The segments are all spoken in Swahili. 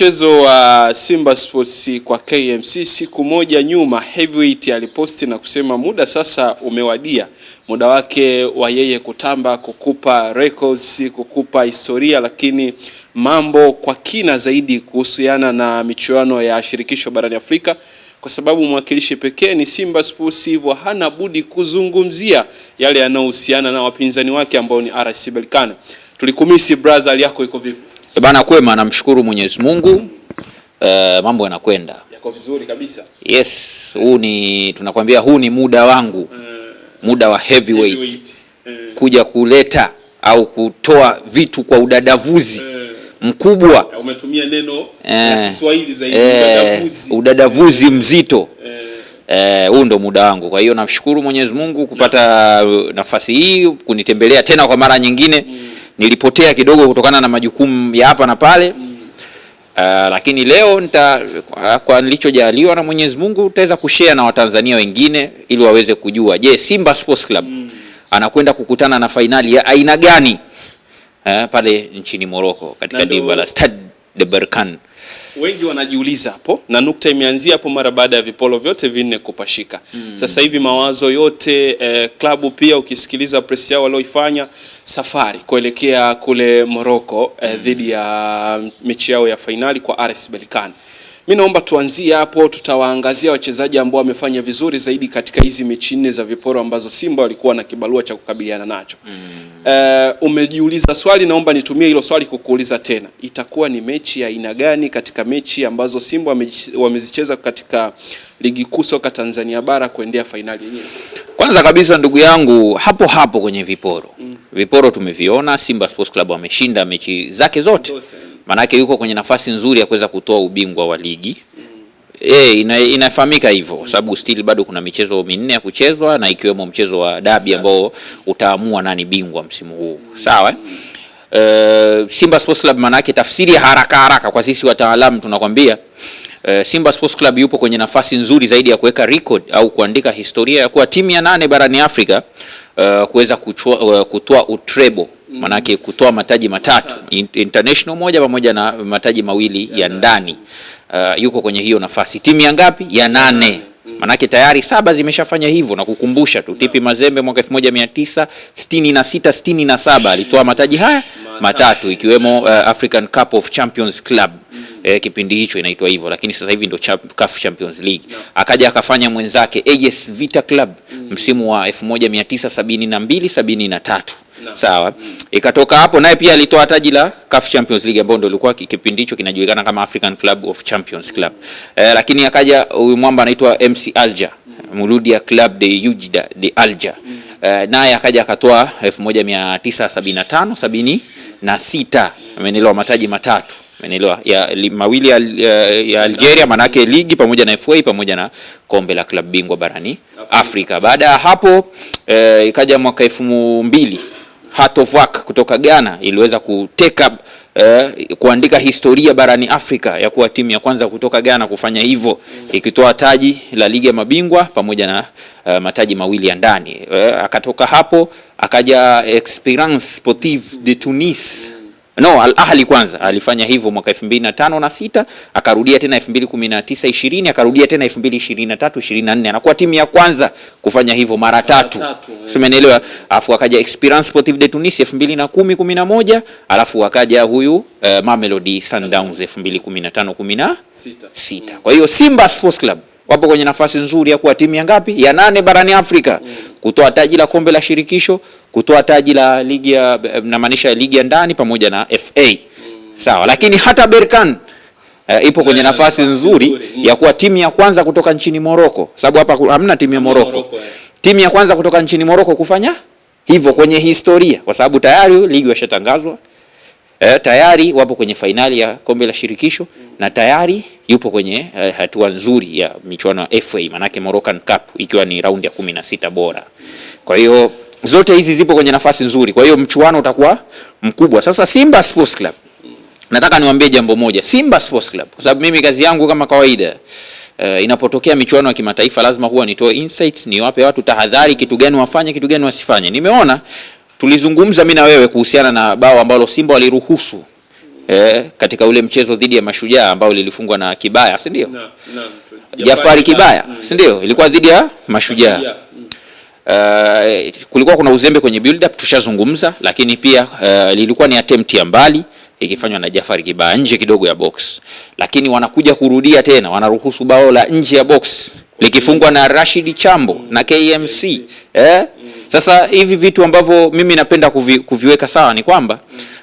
mchezo wa Simba Sports kwa KMC siku moja nyuma, Heavyweight aliposti na kusema muda sasa umewadia, muda wake wa yeye kutamba, kukupa records, kukupa historia, lakini mambo kwa kina zaidi kuhusiana na michuano ya shirikisho barani Afrika kwa sababu mwakilishi pekee ni Simba Sports, hivyo hana budi kuzungumzia yale yanayohusiana na wapinzani wake ambao ni RS Berkane. Tulikumisi brother, hali yako iko vipi? Eh, bana kwema, namshukuru Mwenyezi Mungu e, mambo yanakwenda yako vizuri kabisa. Yes, huu ni tunakwambia, huu ni muda wangu mm. muda wa heavyweight, heavyweight. Mm. kuja kuleta au kutoa vitu kwa udadavuzi mm. mkubwa. Umetumia neno la Kiswahili zaidi, udadavuzi, udadavuzi mzito mm. Eh, huu ndo muda wangu. Kwa hiyo namshukuru Mwenyezi Mungu kupata nafasi hii kunitembelea tena kwa mara nyingine mm nilipotea kidogo kutokana na majukumu ya hapa na pale mm. Uh, lakini leo nita, kwa, kwa nilichojaliwa na Mwenyezi Mungu nitaweza kushare na Watanzania wengine ili waweze kujua, je, Simba Sports Club mm. anakwenda kukutana na fainali ya aina gani uh, pale nchini Morocco katika dimba la Stade de Berkane wengi wanajiuliza hapo, na nukta imeanzia hapo mara baada ya vipolo vyote vinne kupashika. mm. Sasa hivi mawazo yote eh, klabu pia ukisikiliza press yao walioifanya safari kuelekea kule moroko eh, mm. dhidi ya mm, mechi yao ya fainali kwa RS Berkane mimi naomba tuanzie hapo, tutawaangazia wachezaji ambao wamefanya vizuri zaidi katika hizi mechi nne za viporo ambazo Simba walikuwa na kibarua cha kukabiliana nacho. Mm. Uh, umejiuliza swali, naomba nitumie hilo swali kukuuliza tena, itakuwa ni mechi ya aina gani katika mechi ambazo Simba wamezicheza katika ligi kuu soka Tanzania bara kuendea fainali yenyewe? Kwanza kabisa ndugu yangu, hapo hapo kwenye viporo mm. Viporo tumeviona Simba Sports Club ameshinda mechi zake zote, zote. Manake yuko kwenye nafasi nzuri ya kuweza kutoa ubingwa wa ligi mm. Eh, ina, inafahamika hivyo kwa sababu still bado kuna michezo minne ya kuchezwa na ikiwemo mchezo wa dabi ambao utaamua nani bingwa msimu huu mm. Sawa Uh, Simba Sports Club maanake, tafsiri ya haraka haraka kwa sisi wataalamu tunakwambia Eh, Simba Sports Club yupo kwenye nafasi nzuri zaidi ya kuweka record au kuandika historia ya kuwa timu ya nane barani Afrika uh, kuweza kutoa uh, eh, kutoa utrebo manake kutoa mataji matatu international moja pamoja na mataji mawili ya ndani. Uh, yuko kwenye hiyo nafasi. Timu ya ngapi? Ya nane. Mm. Manake tayari saba zimeshafanya hivyo, na kukumbusha tu Tipi Mazembe mwaka 1966 67 alitoa mataji haya matatu ikiwemo uh, African Cup of Champions Club mm eh, kipindi hicho inaitwa hivyo, lakini sasa hivi ndio champ, CAF Champions League no. Akaja akafanya mwenzake AS Vita Club mm. msimu wa 1972 73 no. Sawa mm. Ikatoka hapo naye pia alitoa taji la CAF Champions League ambao ndio ilikuwa kipindi hicho kinajulikana kama African Club of Champions mm. Club eh, lakini akaja huyu mwamba anaitwa MC Alger mm. Muludia Club de Ujda de Alger mm. eh, naye akaja akatoa 1975 76 amenelewa mataji matatu. Umenielewa? Ya li, mawili ya, ya, ya Algeria manake ligi pamoja na FA pamoja na kombe la klabu bingwa barani Afrika. Baada ya hapo eh, ikaja mwaka elfu mbili Heart of Oak kutoka Ghana iliweza kuteka eh, kuandika historia barani Afrika ya kuwa timu ya kwanza kutoka Ghana kufanya hivyo ikitoa taji la ligi ya mabingwa pamoja na uh, mataji mawili ya ndani. Eh, akatoka hapo akaja Esperance Sportive de Tunis no, Al Ahli kwanza alifanya hivyo mwaka 2005 na 6, akarudia tena 2019 20, akarudia tena 2023 24, anakuwa timu ya kwanza kufanya hivyo mara tatu, eh. umeelewa? afu akaja experience Sportive de Tunis 2010 11, alafu akaja huyu uh, Mamelodi Sundowns 2015 16. Sita. Mm. Kwa hiyo Simba Sports Club wapo kwenye nafasi nzuri ya kuwa timu ya ngapi? Ya nane barani Afrika. Mm kutoa taji la kombe la shirikisho, kutoa taji la ligi ya namaanisha ligi ya ndani pamoja na FA mm. Sawa, lakini hata Berkan Uh, ipo kwenye eh, nafasi nzuri mm. ya kuwa timu ya kwanza kutoka nchini Moroko, sababu hapa hamna timu ya Moroko, eh. timu ya kwanza kutoka nchini Moroko kufanya hivyo kwenye historia, kwa sababu tayari ligi washatangazwa eh, tayari wapo kwenye fainali ya kombe la shirikisho mm. na tayari yupo kwenye eh, hatua nzuri ya michuano ya FA manake Moroccan Cup ikiwa ni raundi ya kumi na sita bora. Kwa hiyo zote hizi zipo kwenye nafasi nzuri, kwa hiyo mchuano utakuwa mkubwa. Sasa Simba Sports Club, nataka niwaambie jambo moja, Simba Sports Club, kwa sababu mimi kazi yangu kama kawaida Uh, inapotokea michuano ya kimataifa lazima huwa nitoe insights, niwape watu tahadhari, kitu gani wafanye, kitu gani wasifanye. Nimeona Tulizungumza mimi na wewe kuhusiana na bao ambalo Simba waliruhusu eh, katika ule mchezo dhidi ya Mashujaa ambao lilifungwa na Kibaya, si ndio? Jafari Kibaya, mm. si ndio? Ilikuwa dhidi ya Mashujaa. Uh, kulikuwa kuna uzembe kwenye build up tushazungumza, lakini pia uh, lilikuwa ni attempt ya mbali ikifanywa na Jafari Kibaya nje kidogo ya box, lakini wanakuja kurudia tena, wanaruhusu bao la nje ya box likifungwa na Rashid Chambo na KMC eh? Sasa hivi vitu ambavyo mimi napenda kuvi, kuviweka sawa ni kwamba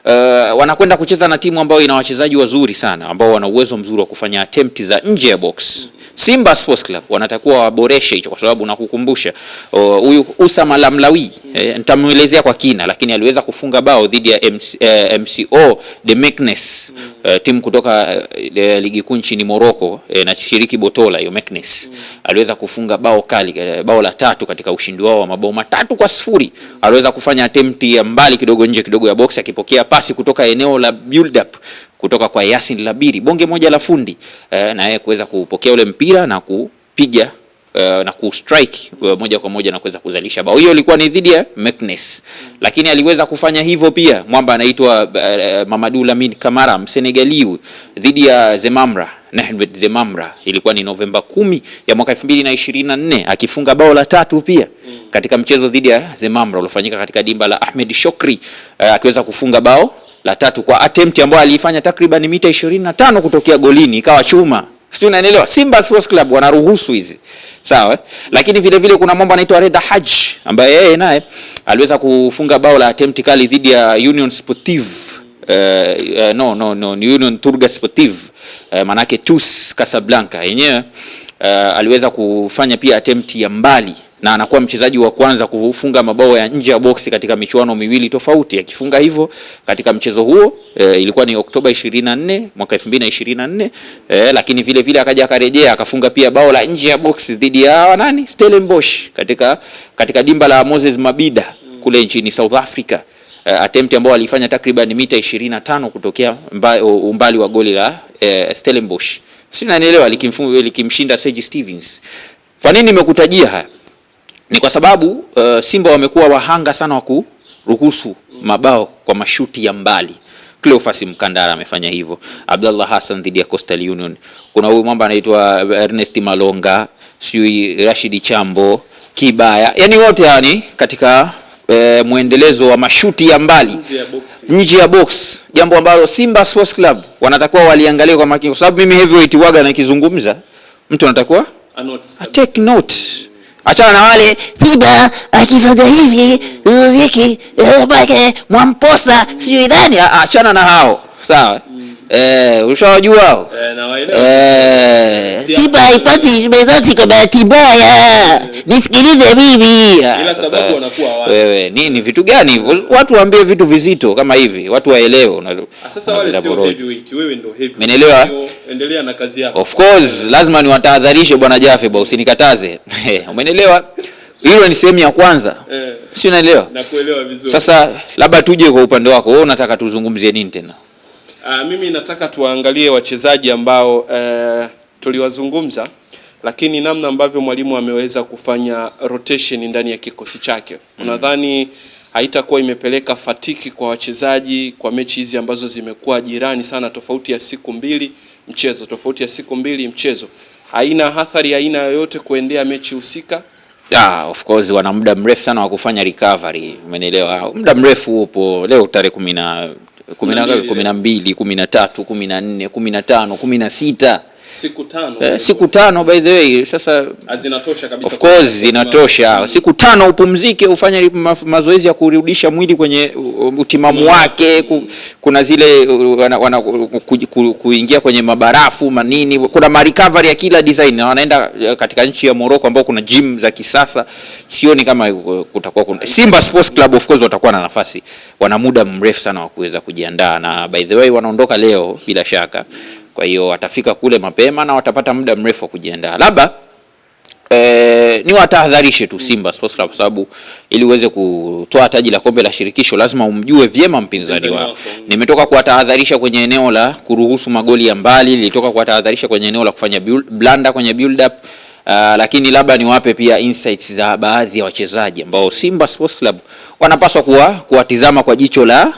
uh, wanakwenda kucheza na timu ambayo ina wachezaji wazuri sana ambao wana uwezo mzuri wa kufanya attempt za nje ya box. Simba Sports Club wanatakiwa waboreshe hicho, kwa sababu nakukumbusha uh, huyu uh, Usama Lamlawi eh, nitamuelezea kwa kina, lakini aliweza kufunga bao dhidi ya MC, eh, MCO The Meekness Eh, timu kutoka e, ligi kuu nchini Morocco e, na shiriki Botola hiyo Meknes mm. aliweza kufunga bao kali, bao la tatu katika ushindi wao wa mabao matatu kwa sifuri. Aliweza kufanya attempt ya mbali kidogo nje kidogo ya box, akipokea pasi kutoka eneo la build up kutoka kwa Yasin Labiri, bonge moja la fundi e, na yeye kuweza kupokea ule mpira na kupiga Eh, na kustrike uh, moja kwa moja na kuweza kuzalisha bao. Hiyo ilikuwa ni dhidi ya Meknes, lakini aliweza kufanya hivyo pia mwamba anaitwa uh, Mamadou Lamine Kamara Msenegaliu dhidi ya Zemamra Nahmed Zemamra ilikuwa ni Novemba kumi ya mwaka 2024 akifunga bao la tatu pia mm. katika mchezo dhidi ya Zemamra uliofanyika katika dimba la Ahmed Shokri uh, akiweza kufunga bao la tatu kwa attempt ambayo aliifanya takriban mita 25 kutokea golini ikawa chuma. Sio, unanielewa? Simba Sports Club wanaruhusu hizi. Sawa? Eh? Lakini vile vile kuna mambo anaitwa Reda Haj ambaye yeye naye aliweza kufunga bao la attempt kali dhidi ya Union Sportive Uh, uh, no, no, no, Union Turga Sportive uh, manake TUS Casablanca yenyewe uh, aliweza kufanya pia attempt ya mbali na anakuwa mchezaji wa kwanza kufunga mabao ya nje ya boksi katika michuano miwili tofauti. Akifunga hivyo katika mchezo huo e, ilikuwa ni Oktoba 24 mwaka 2024, e, eh, lakini vile vile akaja akarejea akafunga pia bao la nje ya boksi dhidi ya nani, Stellenbosch katika katika dimba la Moses Mabida kule nchini South Africa, e, attempt ambao alifanya takriban mita 25 kutokea mba, umbali wa goli la e, Stellenbosch. Sina nielewa likimfunga likimshinda Sage Stevens. Kwa nini nimekutajia haya? ni kwa sababu uh, Simba wamekuwa wahanga sana wa kuruhusu mabao kwa mashuti ya mbali. Cleofas Mkandara amefanya hivyo, Abdallah Hassan dhidi ya Coastal Union, kuna huyu mwamba anaitwa eh, Ernest Malonga, sijui Rashid Chambo Kibaya, yani wote yani katika E, mwendelezo wa mashuti ya mbali nje ya box, jambo ambalo Simba Sports Club wanatakiwa waliangalia kwa makini, kwa sababu mimi Heavyweight waga kizungumza, mtu anatakuwa take note achana na wale piga akifanya hivi hiki eh, mwamposa sijui nani, achana na hao sawa. Eh, ushawajua hao? Eh, na waelewa. Eh, Simba haipati mezati kwa bahati mbaya. Nisikilize mimi. Ila sababu wanakuwa wao. Wewe, nini vitu gani hivyo? Watu waambie vitu vizito kama hivi, watu waelewe. Ah, sasa wale sio heavyweight, wewe ndio heavyweight. Umeelewa? Endelea na kazi yako. Of course, lazima niwatahadharishe bwana Jafe bwana, usinikataze. Eh, Umeelewa? Hilo ni sehemu ya kwanza. Eh. Si unaelewa? Nakuelewa vizuri. Sasa labda tuje kwa upande wako. Wewe unataka tuzungumzie nini tena? Uh, mimi nataka tuwaangalie wachezaji ambao uh, tuliwazungumza, lakini namna ambavyo mwalimu ameweza kufanya rotation ndani ya kikosi chake mm. Unadhani haitakuwa imepeleka fatiki kwa wachezaji kwa mechi hizi ambazo zimekuwa jirani sana, tofauti ya siku mbili mchezo, tofauti ya siku mbili mchezo, haina athari aina yoyote kuendea mechi husika? Yeah, of course wana muda mrefu sana wa kufanya recovery, umenielewa? Muda mrefu upo, leo tarehe kumi na ngapi? kumi na mbili, kumi na tatu, kumi na nne, kumi na tano, kumi na sita siku tano, eh, siku tano by the way. Sasa zinatosha kabisa, of course zinatosha siku tano, upumzike ufanye ma mazoezi ya kurudisha mwili kwenye utimamu mm. wake. Kuna zile wana, wana, kuingia kwenye mabarafu manini, kuna marecovery ya kila design, na wanaenda eh, katika nchi ya Morocco ambao kuna gym za kisasa. Sioni kama eh, kutakuwa kuna Simba Sports Club, of course watakuwa na nafasi, wana muda mrefu sana wa kuweza kujiandaa, na by the way wanaondoka leo bila shaka. Kwa hiyo watafika kule mapema na watapata muda mrefu wa kujiandaa. Labda e, ni watahadharishe tu Simba Sports Club, kwa sababu ili uweze kutoa taji la kombe la shirikisho lazima umjue vyema mpinzani wako. Nimetoka kuwatahadharisha kwenye eneo la kuruhusu magoli ya mbali, nilitoka kuwatahadharisha kwenye eneo la kufanya blanda kwenye build up. Uh, lakini labda niwape pia insights za baadhi ya wachezaji ambao Simba Sports Club wanapaswa kuwa kuwatizama kwa jicho la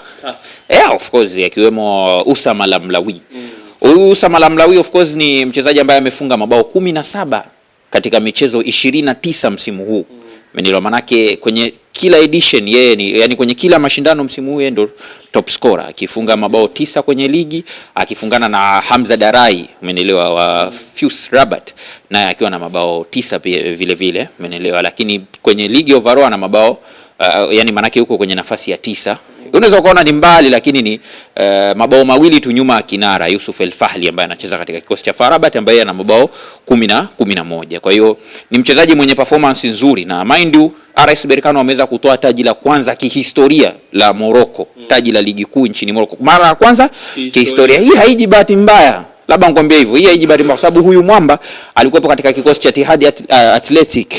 yeah, of course akiwemo Usama Lamlawi mm. Huyu Samalam Lawi of course ni mchezaji ambaye amefunga mabao kumi na saba katika michezo ishirini na tisa msimu huu Menilo manake kwenye kila edition yeye ni yani, kwenye kila mashindano msimu huu ndo top scorer akifunga mabao tisa kwenye ligi akifungana na Hamza Darai, umenielewa, wa Fuse Rabat naye akiwa na mabao tisa pia vile vile, umenielewa, lakini kwenye ligi overall ana mabao uh, yani manake huko kwenye nafasi ya tisa Unaweza ukaona ni mbali, lakini ni uh, mabao mawili tu nyuma ya kinara Yusuf El Fahli ambaye anacheza katika kikosi cha Farabat ambaye ana mabao kumi na kumi na moja. Kwa hiyo ni mchezaji mwenye performance nzuri na mind you RS Berkane wameweza kutoa taji la kwanza kihistoria la Morocco, mm. taji la ligi kuu nchini Morocco. Mara ya kwanza kihistoria. kihistoria. Hii haiji bahati mbaya. Labda nikwambie hivyo. Hii haiji bahati mbaya kwa sababu huyu mwamba alikuwepo katika kikosi cha Tihadi at, uh, Athletic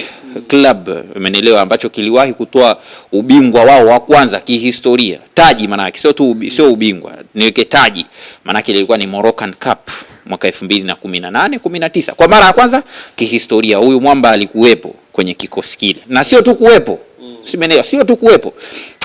Club, umeelewa, ambacho kiliwahi kutoa ubingwa wao wa kwanza kihistoria, taji maanake, sio tu sio ubingwa, niweke taji yake ilikuwa ni Moroccan Cup mwaka 2018 19, kwa mara ya kwanza kihistoria. Huyu mwamba alikuwepo kwenye kikosi kile, na sio tu kuwepo Simenea sio tu kuwepo.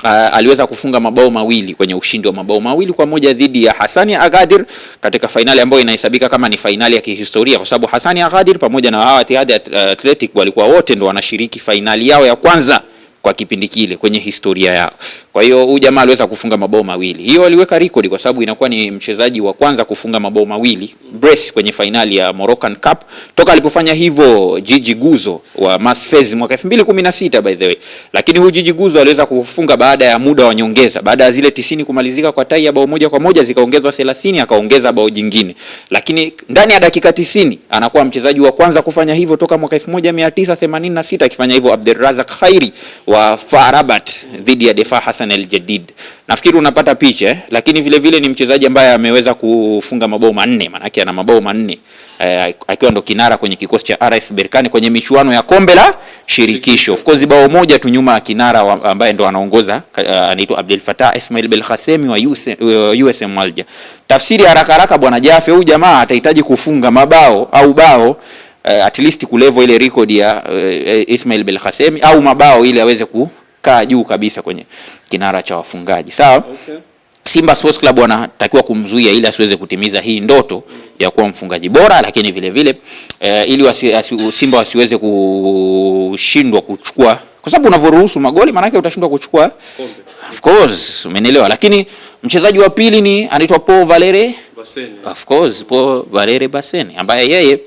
uh, aliweza kufunga mabao mawili kwenye ushindi wa mabao mawili kwa moja dhidi ya Hasani Agadir katika fainali ambayo inahesabika kama ni fainali ya kihistoria kwa sababu Hasani Agadir pamoja na hawa Etihad Athletic walikuwa wote ndo wanashiriki fainali yao ya kwanza kwa kipindi kile kwenye historia yao. Kwa hiyo huyu jamaa aliweza kufunga mabao mawili. Hiyo aliweka rekodi kwa sababu inakuwa ni mchezaji wa kwanza kufunga mabao mawili brace kwenye fainali ya Moroccan Cup toka alipofanya hivyo Jiji Guzo wa Masfez mwaka 2016 by the way. Lakini huyu Jiji Guzo aliweza kufunga baada ya muda wa nyongeza, baada ya zile tisini kumalizika kwa tai ya bao moja kwa moja zikaongezwa 30 akaongeza bao jingine. Lakini ndani ya dakika tisini anakuwa mchezaji wa kwanza kufanya hivyo toka mwaka 1986 akifanya hivyo Abdelrazak Khairi wa Farabat dhidi ya Defa Hassan Hassan El Jadid. Nafikiri unapata picha, eh? lakini vile vile ni mchezaji ambaye ameweza kufunga mabao manne, maana yake ana mabao manne eh, akiwa ndo kinara kwenye kikosi cha RS Berkane kwenye michuano ya kombe la shirikisho. Of course bao moja tu nyuma ya kinara ambaye ndo anaongoza uh, anaitwa Abdel Fattah Ismail Belkhasemi wa USM eh, Alger. Tafsiri haraka haraka, bwana Jafe, huyu jamaa atahitaji kufunga mabao au bao Uh, at least kulevo ile record ya uh, Ismail Belkhasemi au mabao ili aweze ku amekaa juu kabisa kwenye kinara cha wafungaji sawa. Okay. Simba Sports Club wanatakiwa kumzuia ili asiweze kutimiza hii ndoto ya kuwa mfungaji bora, lakini vile vile eh, ili wasi, asi, Simba wasiweze kushindwa kuchukua, kwa sababu unavyoruhusu magoli maanake utashindwa kuchukua kombe. Of course umenielewa, lakini mchezaji wa pili ni anaitwa Paul Valere Basene. Of course Paul Valere Basene ambaye yeye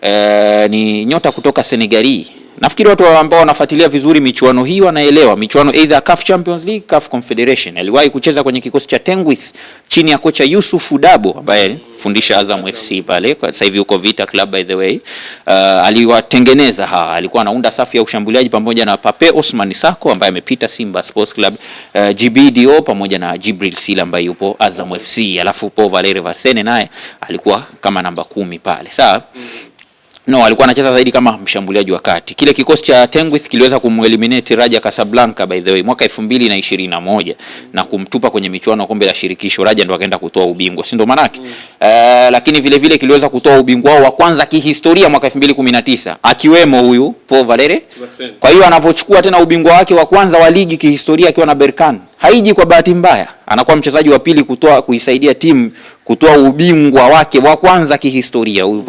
eh, ni nyota kutoka Senegali Nafikiri watu ambao wanafuatilia vizuri michuano hii wanaelewa michuano either CAF Champions League, CAF Confederation. Aliwahi kucheza kwenye kikosi cha Tengwith chini ya kocha Yusuf Dabo ambaye fundisha Azam FC pale, kwa sasa hivi uko Vita Club by the way. Uh, aliwatengeneza ha, alikuwa anaunda safu ya ushambuliaji pamoja na Pape Osman Sako ambaye amepita Simba Sports Club, uh, GBDO pamoja na Jibril Sila ambaye yupo Azam FC, alafu Po Valere Vasene naye alikuwa kama namba kumi pale. Sawa? No, alikuwa anacheza zaidi kama mshambuliaji wa kati. Kile kikosi cha Tenguis kiliweza kumeliminate Raja Casablanca by the way mwaka 2021 na kumtupa kwenye michuano kombe la shirikisho. Raja ndo akaenda kutoa ubingwa, si ndo manake? Mm. Uh, lakini vile vile kiliweza kutoa ubingwa wao wa kwanza kihistoria mwaka 2019 akiwemo huyu Paul Valere. Kwa hiyo anavochukua tena ubingwa wake wa kwanza wa ligi kihistoria akiwa na Berkane haiji kwa bahati mbaya, anakuwa mchezaji wa pili kutoa kuisaidia timu kutoa ubingwa wake wa kwanza kihistoria huyu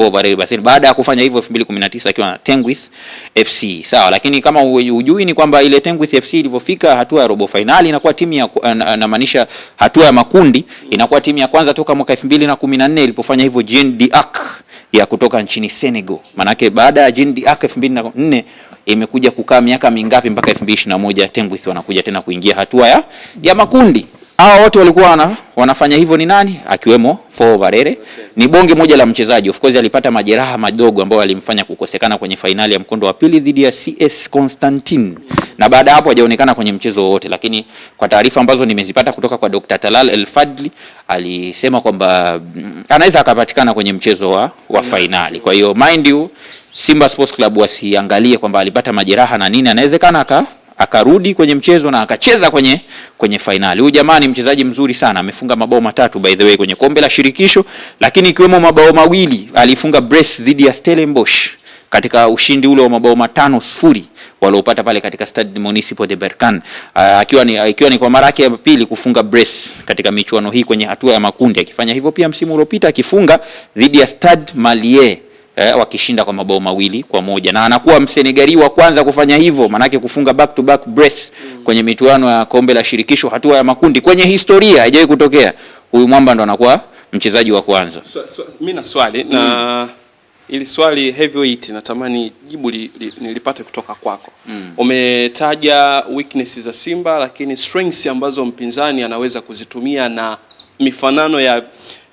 baada ya kufanya hivyo 2019 akiwa na Tenguis FC. Sawa, lakini kama hujui ni kwamba ile Tenguis FC ilivyofika hatua ya robo finali inakuwa timu ya eh, namaanisha hatua ya makundi inakuwa timu ya kwanza toka mwaka 2014 ilipofanya hivyo Jean Diak ya kutoka nchini Senegal. Manake baada ya Jean Diak 2004 imekuja kukaa miaka mingapi mpaka 2021 Tembwith wanakuja tena kuingia hatua ya, ya makundi. Hawa wote walikuwa wana, wanafanya hivyo ni nani? Akiwemo Fo Barere. Ni bonge moja la mchezaji. Of course alipata majeraha madogo ambayo alimfanya kukosekana kwenye fainali ya mkondo wa pili dhidi ya CS Constantine. Na baada hapo hajaonekana kwenye mchezo wowote, lakini kwa taarifa ambazo nimezipata kutoka kwa Dr. Talal El Fadli alisema kwamba mm, anaweza akapatikana kwenye mchezo wa, wa mm. fainali. Kwa hiyo mind you Simba Sports Club wasiangalie kwamba alipata majeraha na nini, anawezekana aka akarudi kwenye mchezo na akacheza kwenye kwenye fainali. Huyu jamani mchezaji mzuri sana, amefunga mabao matatu by the way kwenye kombe la shirikisho, lakini ikiwemo mabao mawili alifunga brace dhidi ya Stellenbosch katika ushindi ule wa mabao matano sifuri waliopata pale katika Stade Municipal de Berkan, ah, akiwa ni akiwa ni kwa mara yake ya pili kufunga brace katika michuano hii kwenye hatua ya makundi, akifanya hivyo pia msimu uliopita akifunga dhidi ya Stade Malien eh, wakishinda kwa mabao mawili kwa moja na anakuwa Msenegali wa kwanza kufanya hivyo, maanake kufunga back to back brace mm. kwenye mituano ya kombe la shirikisho hatua ya makundi kwenye historia haijawahi kutokea. Huyu mwamba ndo anakuwa mchezaji wa kwanza. Mimi na swali mm. na ili swali Heavyweight, natamani jibu li, li, nilipate kutoka kwako mm. Umetaja weakness za Simba, lakini strengths ambazo mpinzani anaweza kuzitumia na mifanano ya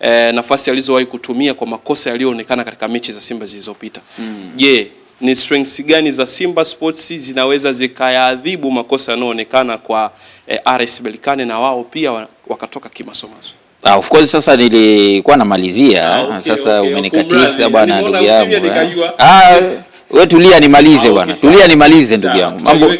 e, nafasi alizowahi kutumia kwa makosa yaliyoonekana katika mechi za Simba zilizopita. Hmm. Je, mm. yeah, ni strengths gani za Simba Sports zinaweza zikayaadhibu makosa yanayoonekana kwa e, eh, RS Berkane na wao pia wakatoka kimasomaso? Ah, of course sasa nilikuwa namalizia. Ah, okay, sasa okay, umenikatisha bwana ndugu yangu. Eh. Ah We tulia nimalize ah, bwana. Okay, tulia nimalize ndugu yangu. Mambo,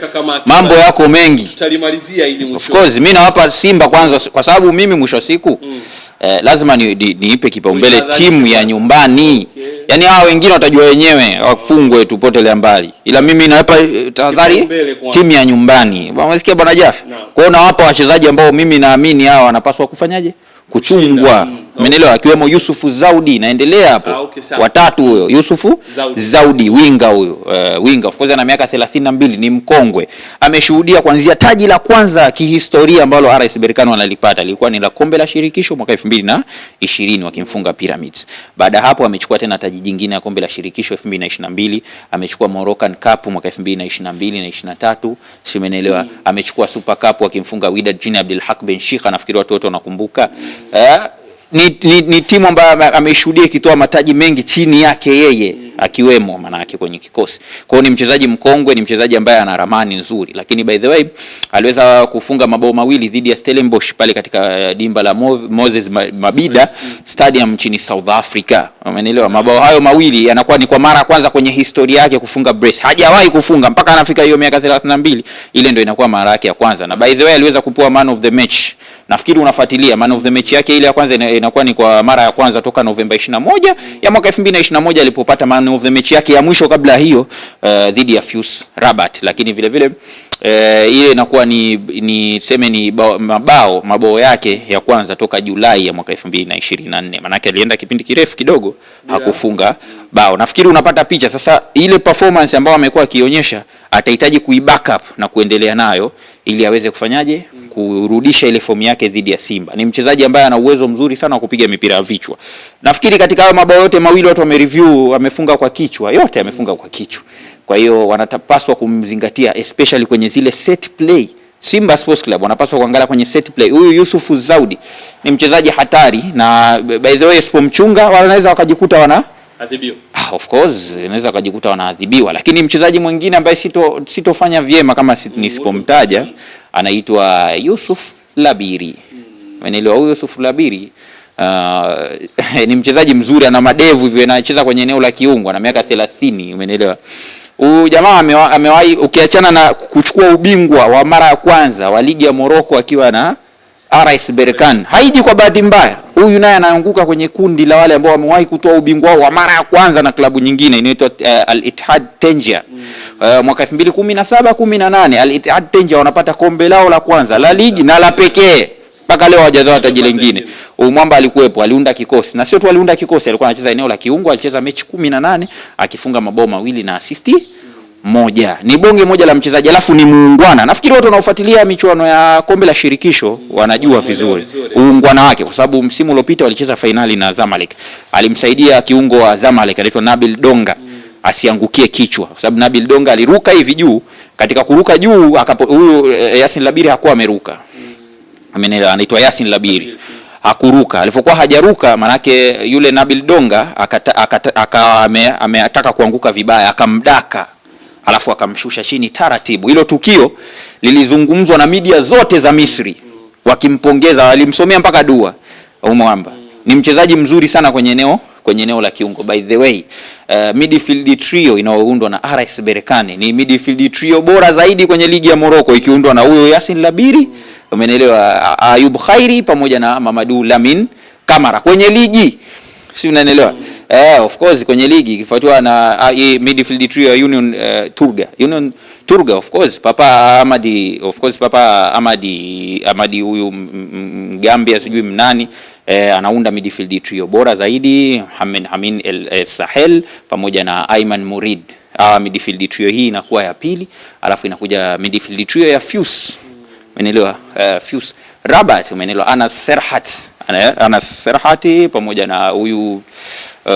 mambo yako mengi. Tutalimalizia mwisho. Of course mimi nawapa Simba kwanza kwa sababu mimi mwisho siku mm. eh, lazima ni, ni, niipe kipaumbele timu ya nyumbani. Okay. Yaani hawa wengine watajua wenyewe wafungwe tupotele mbali. Ila mimi nawapa eh, tahadhari timu ya nyumbani. Unasikia bwana Jaffe? kwao nawapa wachezaji ambao mimi naamini hawa wanapaswa kufanyaje? Kuchungwa. Umeelewa? Akiwemo Yusufu Zaudi naendelea hapo. Ah, okay, watatu huyo Yusufu Zaudi, Zaudi winga huyo uh, winga of course ana miaka 32 ni mkongwe. Ameshuhudia kuanzia taji la kwanza kihistoria ambalo RS Berkane analipata lilikuwa ni la kombe la shirikisho mwaka 2020 wakimfunga Pyramids. Baada hapo amechukua tena taji jingine ya kombe la shirikisho 2022, amechukua Moroccan Cup mwaka 2022 na 23, si umeelewa? Mm. Amechukua Super Cup wakimfunga Wydad Jini Abdul Haq Ben Sheikh, nafikiri watu wote wanakumbuka. Mm. Uh, ni, ni, ni timu ambayo ameshuhudia ikitoa mataji mengi chini yake yeye akiwemo maana yake kwenye kikosi. Kwa ni mchezaji mkongwe, ni mchezaji ambaye ana ramani nzuri, lakini by the way aliweza kufunga mabao mawili dhidi ya Stellenbosch pale katika eh, dimba la Moses Mabida Stadium nchini South Africa. Umeelewa? Mabao hayo mawili yanakuwa ni kwa mara kwanza kwenye historia yake kufunga brace. Hajawahi kufunga mpaka anafika hiyo miaka 32. Ile ndio inakuwa mara yake ya kwanza. Na by the way aliweza kupewa man of the match. Nafikiri unafuatilia man of the match yake ile ya kwanza inakuwa ni kwa mara ya kwanza toka Novemba 21 ya mwaka 2021 alipopata man one of the mechi yake ya mwisho kabla hiyo uh, dhidi ya Fus Rabat, lakini vile vile uh, ile inakuwa ni, ni tuseme ni bao, mabao mabao yake ya kwanza toka Julai ya mwaka 2024 maanake alienda kipindi kirefu kidogo yeah, hakufunga bao. Nafikiri unapata picha sasa, ile performance ambayo amekuwa akionyesha atahitaji kuibackup na kuendelea nayo ili aweze kufanyaje mm kurudisha ile fomu yake dhidi ya Simba. Ni mchezaji ambaye ana uwezo mzuri sana wa kupiga mipira ya vichwa. Nafikiri katika hayo mabao yote mawili watu wamereview, amefunga kwa kichwa, yote amefunga kwa kichwa. Kwa hiyo wanapaswa kumzingatia especially kwenye zile set play. Simba Sports Club wanapaswa kuangalia kwenye set play. Huyu Yusufu Zaudi ni mchezaji hatari na by the way, sipomchunga wanaweza wakajikuta wana adhibiwa. Ah, of course inaweza kujikuta wanaadhibiwa, lakini mchezaji mwingine ambaye sito sitofanya vyema kama sit, mm, nisipomtaja mm. anaitwa Yusuf Labiri. Mm. Umeelewa? Huyo Yusuf Labiri uh, ni mchezaji mzuri, ana madevu hivyo, anacheza kwenye eneo la kiungo, ana miaka 30. Umeelewa? Huyu jamaa amewahi, ukiachana na kuchukua ubingwa wa mara ya kwanza wa ligi ya Morocco akiwa na RS Berkane haiji kwa bahati mbaya. Huyu naye anaanguka kwenye kundi la wale ambao wamewahi kutoa ubingwa wao wa mara ya kwanza na klabu nyingine inaitwa uh, eh, Al Ittihad Tanger mm. Uh, mwaka 2017 18 Al Ittihad Tanger wanapata kombe lao la kwanza la ligi na la pekee mpaka leo hawajatoa taji lingine. Umwamba alikuwepo, aliunda kikosi na sio tu aliunda kikosi, alikuwa anacheza eneo la kiungo, alicheza mechi 18 akifunga mabao mawili na asisti moja ni bonge moja la mchezaji, alafu ni muungwana. Nafikiri watu wanaofuatilia michuano ya kombe la shirikisho wanajua vizuri uungwana wake, kwa sababu msimu uliopita walicheza fainali na Zamalek, alimsaidia kiungo wa Zamalek anaitwa Nabil Donga asiangukie kichwa, kwa sababu Nabil Donga aliruka hivi juu. Katika kuruka juu huyu eh, Yasin Labiri hakuwa ameruka, amenelewa, anaitwa Yasin Labiri hakuruka alipokuwa hajaruka, manake yule Nabil Donga akataka ame, ametaka kuanguka vibaya, akamdaka alafu akamshusha chini taratibu. Hilo tukio lilizungumzwa na media zote za Misri wakimpongeza, walimsomea mpaka dua. Mwamba ni mchezaji mzuri sana kwenye eneo kwenye eneo la kiungo. By the way, uh, midfield trio inayoundwa na RS Berkane ni midfield trio bora zaidi kwenye ligi ya Morocco ikiundwa na huyo Yasin Labiri, umeelewa, Ayub Khairi pamoja na Mamadou Lamine Kamara kwenye ligi si unanielewa? Eh, of course kwenye ligi ikifuatiwa na uh, midfield trio Union uh, Turga. Union Turga of course Papa Amadi, of course Papa Amadi, Amadi huyu gambia sijui mnani eh, anaunda midfield trio bora zaidi hamen hamin El, El eh, Sahel pamoja na Ayman Murid. Ah, midfield trio hii inakuwa ya pili, alafu inakuja midfield trio ya Fuse. Umeelewa? Uh, eh, Fuse Rabat umenelewa, Anas Serhat, Anas Serhati pamoja na huyu Uh,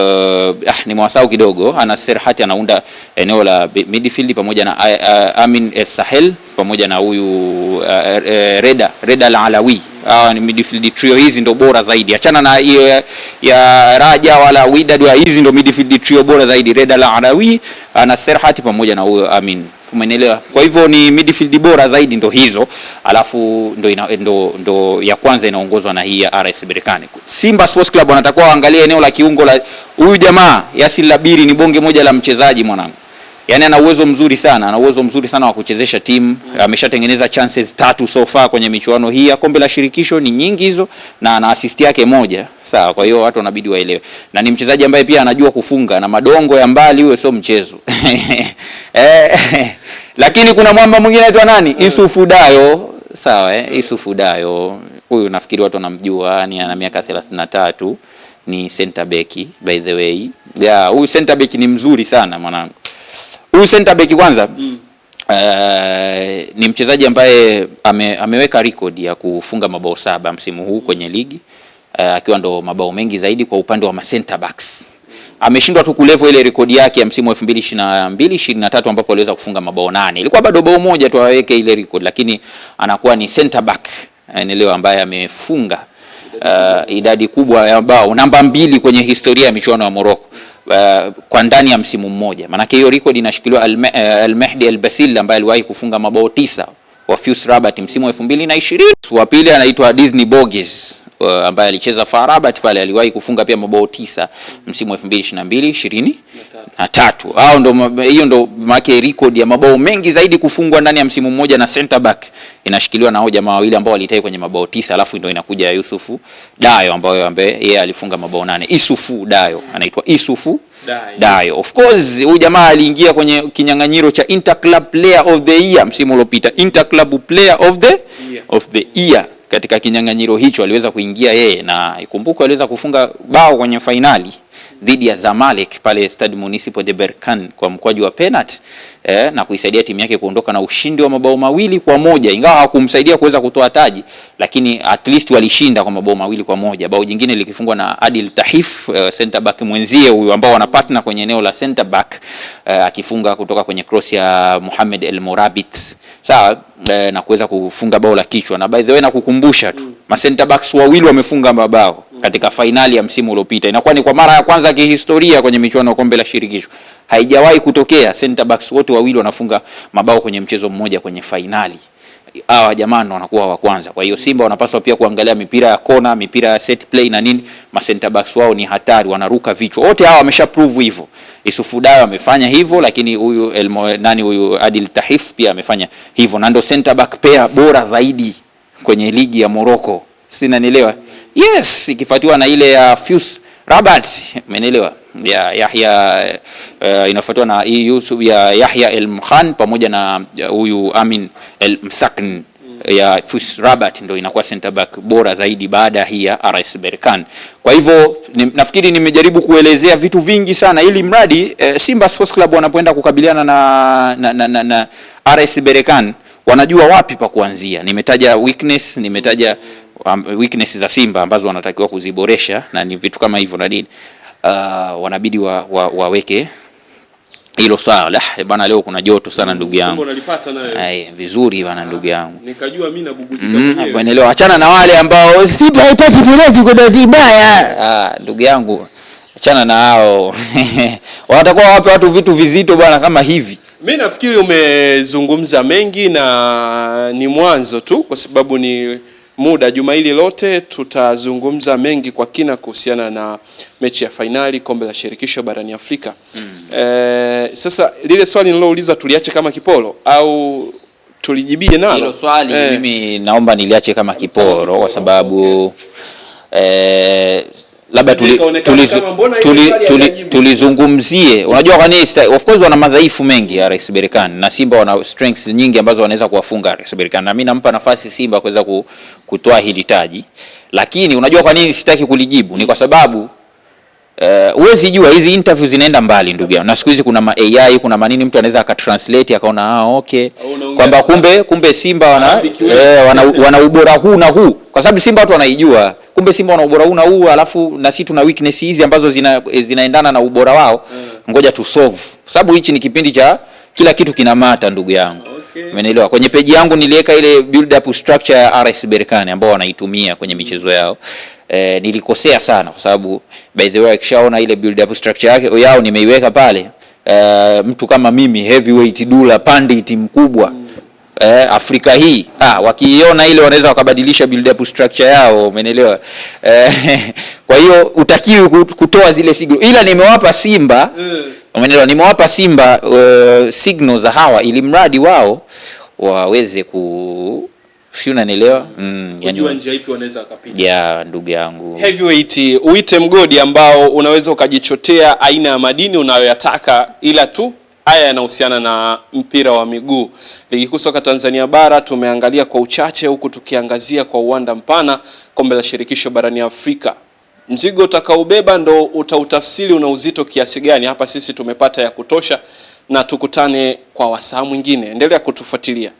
ah, ni mwasau kidogo ana Serhati anaunda eneo la midfield pamoja na uh, Amin El Sahel pamoja na huyu uh, Reda Reda Al Alawi. Hawa ah, ni midfield trio, hizi ndo bora zaidi, achana na hiyo ya Raja wala Widad, hizi ndo midfield trio bora zaidi, Reda Al Alawi ana Serhati pamoja na huyu Amin Umeelewa? Kwa hivyo ni midfield bora zaidi ndo hizo, alafu ndo, ina, ndo, ndo ya kwanza inaongozwa na hii ya RS Berkane. Simba Sports Club wanatakiwa waangalie eneo la kiungo la huyu jamaa Yasin Labiri, ni bonge moja la mchezaji mwanangu. Yaani ana uwezo mzuri sana, ana uwezo mzuri sana wa kuchezesha timu. Ameshatengeneza chances tatu so far kwenye michuano hii ya kombe la shirikisho ni nyingi hizo na ana assist yake moja. Sawa, kwa hiyo watu wanabidi waelewe. Na ni mchezaji ambaye pia anajua kufunga na madongo ya mbali, huyo sio mchezo. eh, lakini kuna mwamba mwingine anaitwa nani? Isufu eh. Dayo, sawa eh? Isufu Dayo huyu nafikiri watu wanamjua, ni ana miaka 33, ni center back by the way. Yeah, huyu center back ni mzuri sana mwanangu. Huyu center back kwanza mm. Uh, ni mchezaji ambaye ame, ameweka record ya kufunga mabao saba msimu huu kwenye ligi eh, akiwa uh, ndo mabao mengi zaidi kwa upande wa ma center backs ameshindwa tu kulevo ile rekodi yake ya msimu 2022 23 ambapo aliweza kufunga mabao nane. Ilikuwa bado bao moja tu aweke ile rekodi, lakini anakuwa ni center back enelewa eh, ambaye amefunga uh, idadi kubwa ya bao, namba mbili kwenye historia ya michuano ya Morocco uh, kwa ndani ya msimu mmoja. Maanake hiyo rekodi inashikiliwa Al-Mehdi Al-Basil ambaye aliwahi kufunga mabao tisa wa FUS Rabat msimu 2020. Wa pili anaitwa Disney Borges uh, ambaye alicheza FAR Rabat pale aliwahi kufunga pia mabao tisa msimu 2022 23. Hao ndo hiyo ndo make record ya mabao mengi zaidi kufungwa ndani ya msimu mmoja na center back inashikiliwa na hao jamaa wawili ambao walitai kwenye mabao tisa, alafu ndo inakuja Yusufu Dayo ambaye ambaye yeye alifunga mabao nane. Isufu Dayo anaitwa Isufu Dayo. Of course huyu jamaa aliingia kwenye kinyang'anyiro cha Inter Club Player of the Year msimu uliopita, Inter Club Player of the yeah. of the year katika kinyang'anyiro hicho aliweza kuingia yeye, na ikumbukwe aliweza kufunga bao kwenye fainali dhidi ya Zamalek pale Stade Municipal de Berkane kwa mkwaju wa penalty eh, na kuisaidia timu yake kuondoka na ushindi wa mabao mawili kwa moja ingawa hakumsaidia kuweza kutoa taji, lakini at least walishinda kwa mabao mawili kwa moja. Bao jingine likifungwa na Adil Tahif eh, center back mwenzie huyu ambao wana partner kwenye eneo la center back eh, akifunga kutoka kwenye cross ya Mohamed El Morabit. Sawa eh, na kuweza kufunga bao la kichwa na by the way, nakukumbusha tu ma center backs wawili wamefunga mabao katika fainali ya msimu uliopita. Inakuwa ni kwa mara ya kwanza kihistoria kwenye michuano ya kombe la shirikisho, haijawahi kutokea center backs wote wawili wanafunga mabao kwenye mchezo mmoja kwenye fainali. Hawa ndo wanakuwa wa kwanza. Kwa hiyo Simba wanapaswa pia kuangalia mipira ya kona, mipira ya set play na nini. Ma center backs wao ni hatari, wanaruka vichwa. Wote hawa wamesha prove hivyo. Isufu Dayo amefanya hivyo, lakini huyu Elmo nani, huyu Adil Tahif pia amefanya hivyo, na ndo center back pair bora zaidi kwenye ligi ya Morocco sinanielewa yes, ikifuatiwa na ile ya Fuse Rabat, menelewa ya Yahya uh, inafuatiwa na Yusuf ya Yahya el mkhan pamoja na huyu Amin el msakn mm. ya Fus Rabat ndio inakuwa center back bora zaidi baada hii ya RS berkan Kwa hivyo ni, nafikiri nimejaribu kuelezea vitu vingi sana ili mradi eh, Simba Sports Club wanapoenda kukabiliana na, na, na, na, na RS berkan wanajua wapi pa kuanzia. Nimetaja weakness, nimetaja um, weakness za Simba ambazo wanatakiwa kuziboresha na ni vitu kama hivyo na nini uh, wanabidi wa, wa, waweke hilo swala bwana. Leo kuna joto sana ndugu yangu, ai vizuri bwana ndugu ah, yangu, nikajua mimi nabugujika mm, mm-hmm, bwana. Leo achana na wale ambao Simba haipati pelezi kwa dozi mbaya. Ah, ndugu yangu achana na hao watakuwa wape watu vitu vizito bwana kama hivi. Mimi nafikiri umezungumza mengi na ni mwanzo tu, kwa sababu ni muda juma hili lote tutazungumza mengi kwa kina kuhusiana na mechi ya fainali kombe la shirikisho barani Afrika. Mm. E, sasa lile swali nilouliza tuliache kama kiporo au tulijibie nalo? Hilo swali e, mimi naomba niliache kama kiporo kwa sababu okay. Eh, e, labda tulizungumzie. Unajua kwa nini of course wana madhaifu mengi ya Rais Berkane na Simba wana strengths nyingi ambazo wanaweza kuwafunga Rais Berkane, na mimi nampa nafasi Simba kuweza kutoa hili taji, lakini unajua kwa nini sitaki kulijibu ni kwa sababu Eh, huwezi uh, jua hizi interview zinaenda mbali ndugu yangu, na siku hizi kuna ma AI kuna manini, mtu anaweza akatranslate akaona ah, okay kwamba kumbe kumbe Simba wana, eh, wana, wana ubora huu na huu, kwa sababu Simba watu wanaijua, kumbe Simba wana ubora huu na huu, alafu na sisi tuna weakness hizi ambazo zina, eh, zinaendana na ubora wao, eh. ngoja tu solve, kwa sababu hichi ni kipindi cha kila kitu kinamata ndugu yangu okay. Umeelewa? Kwenye peji yangu niliweka ile build up structure ya RS Berkane ambao wanaitumia kwenye mm-hmm. michezo yao. E, nilikosea sana kwa sababu by the way kishaona ile build up structure yake yao nimeiweka pale. E, mtu kama mimi heavyweight dula pandit mkubwa mm. Eh, Afrika hii ah, wakiiona ile wanaweza wakabadilisha build up structure yao, umeelewa? Eh, kwa hiyo utakiwi kutoa zile siguru, ila nimewapa Simba mm. Umeelewa? Nimewapa Simba uh, signal za hawa ili mradi wao waweze ku si unanielewa? Mm, yani njia Yeah, ndugu yangu. Heavyweight uite mgodi ambao unaweza ukajichotea aina ya madini unayoyataka ila tu haya yanahusiana na mpira wa miguu. Ligi kuu soka Tanzania bara tumeangalia kwa uchache, huku tukiangazia kwa uwanda mpana kombe la shirikisho barani Afrika mzigo utakaobeba ndo utautafsiri una uzito kiasi gani. Hapa sisi tumepata ya kutosha, na tukutane kwa wasaa mwingine. Endelea kutufuatilia.